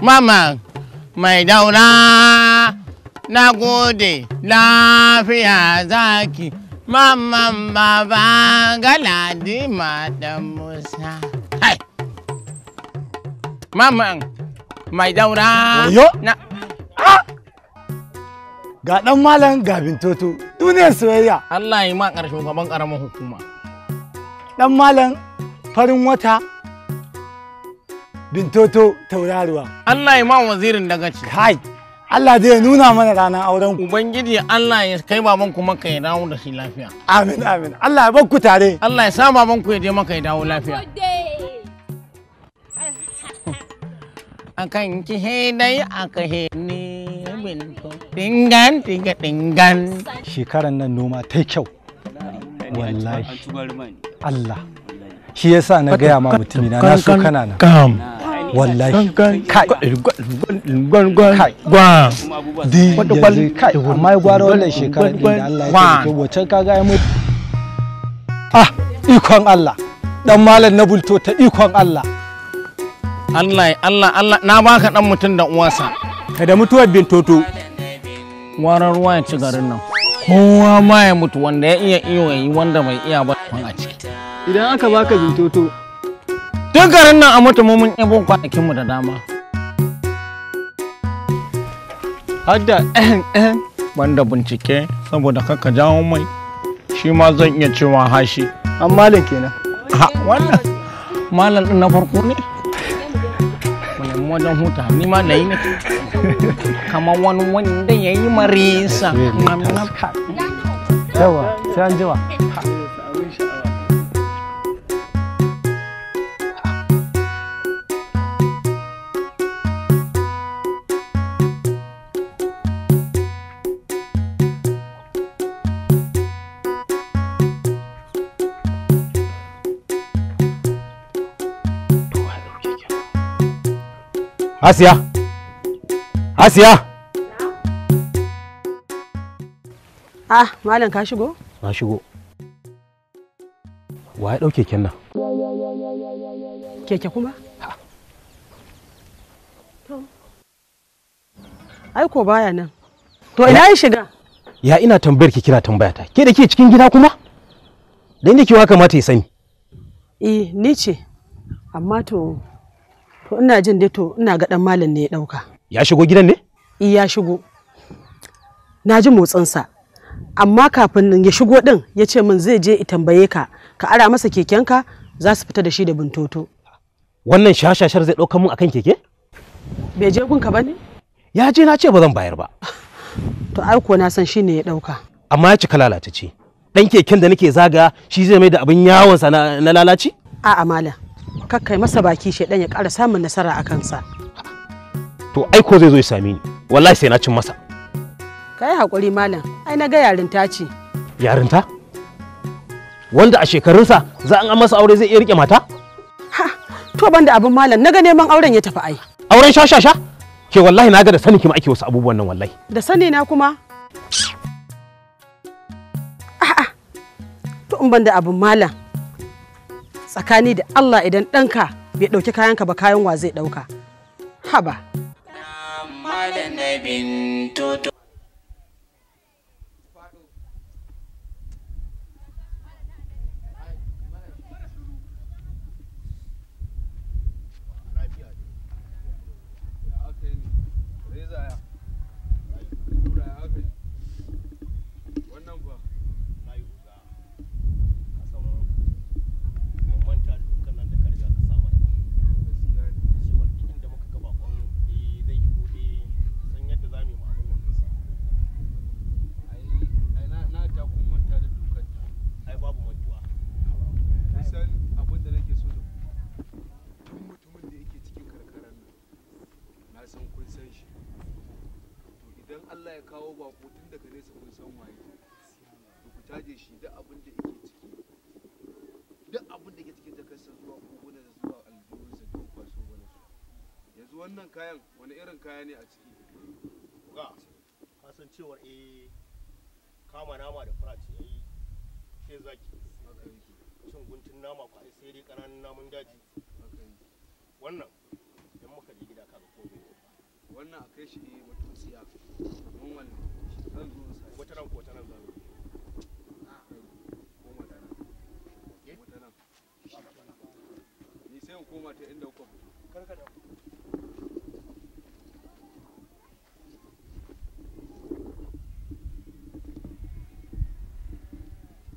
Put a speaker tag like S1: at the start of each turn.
S1: mama mai daura na gode lafiya zaki maman baba galadi madan musa hai maman mai daura Oyo! na ga ɗan malam gabin toto, duniyar soyayya Allah yi ma ƙarshen gaban ƙaramin hukuma Ɗan malam farin wata bintoto tauraruwa. Allah ya ma wazirin daga ci. Kai, Allah zai nuna mana ranar auren ku. Ubangiji Allah ya kai baban ku maka ya dawo da shi lafiya. Amin amin. Allah ya ku tare. Allah ya sa baban ku ya je maka ya dawo lafiya. Akan ki dai aka ni binto. Dingan dinga dingan. Shekaran nan noma ta kyau. Wallahi. Allah. shi yasa na gaya ma mutumina na so kana nan wallahi kai di yanzu kai amma ya gwara wannan shekarar din da Allah ya kai wacce kaga ya mutu ah ikon Allah dan malam na bulto ta ikon Allah Allah Allah Allah na baka dan mutum da uwansa ka da mutuwar bintoto warar ruwa ya ci garin nan kowa ma ya mutu wanda ya iya iyo yi wanda bai iya ba a ciki idan aka baka bintoto Duk garin nan a mutu mun ɗebo kwanakinmu da dama. Hadda ɗan ɗan banda bincike saboda kaka jawo mai shi ma zan iya cewa hashi. An malam kenan. Ha wannan malam ɗin na farko ne? Mu wajen huta ni ma na yi ne. Kamar wani wanda ya yi marisa. Yawa sai an jiwa. Asiya! Asia.
S2: Ah, Malam ka shigo?
S1: Na shigo. Wa ya ɗauke keken nan?
S2: Keke kuma? Ai ko baya nan. To ina ya shiga? Ya ina tambayar ki kina tambaya ta. Ke da ke cikin gida kuma? Da inda ki wa kamata ya sani. Eh, ni ce. Amma to to ina jin dai to ina ga dan malam ne ya dauka ya shigo gidan ne ya shigo na ji motsin sa, amma kafin ya shigo din ya ce min zai je tambaye ka ka ara masa kekenka za su fita da shi da buntoto wannan shashashar zai ɗauka mun akan keke bai je gun ba ne ya je na ce ba zan bayar ba to ai ko na san shi ne ya ɗauka amma ya cika lalata ce ɗan keken da nake zaga shi zai mai da abin yawon sa na lalaci a'a malam kakkai masa baki shaidan ya ƙara samun nasara a kansa to ai ko zai zo ya sami ni wallahi sai na cin masa kai hakuri malam ai na ga yarinta ce yarinta wanda a shekarunsa za an masa aure zai iya rike mata ha to banda abin malam naga neman auren ya tafi ai auren sha sha sha ke wallahi naga da sani kima ake wasu abubuwan nan wallahi da sani na kuma a'a to in banda abin malam tsakani da Allah idan ɗanka bai ɗauki kayanka ba kayan wa zai ɗauka haba
S1: ya kawo bako tun daga nesa kun san waye ku taje shi duk abin da yake ciki duk abin da yake
S2: cikin takarsa zuwa kogunan da zuwa aljihunsa da kwaso wani su yanzu wannan kayan
S1: wani irin kaya ne a ciki ga kasan cewar eh kama nama da fara ce yayi sai zaki cin guntun nama ko ai sai dai ƙananan namun daji wannan idan muka je gida kaga komai wannan a kai shi eh, mutum tsiya 겁니다. 그러니까 요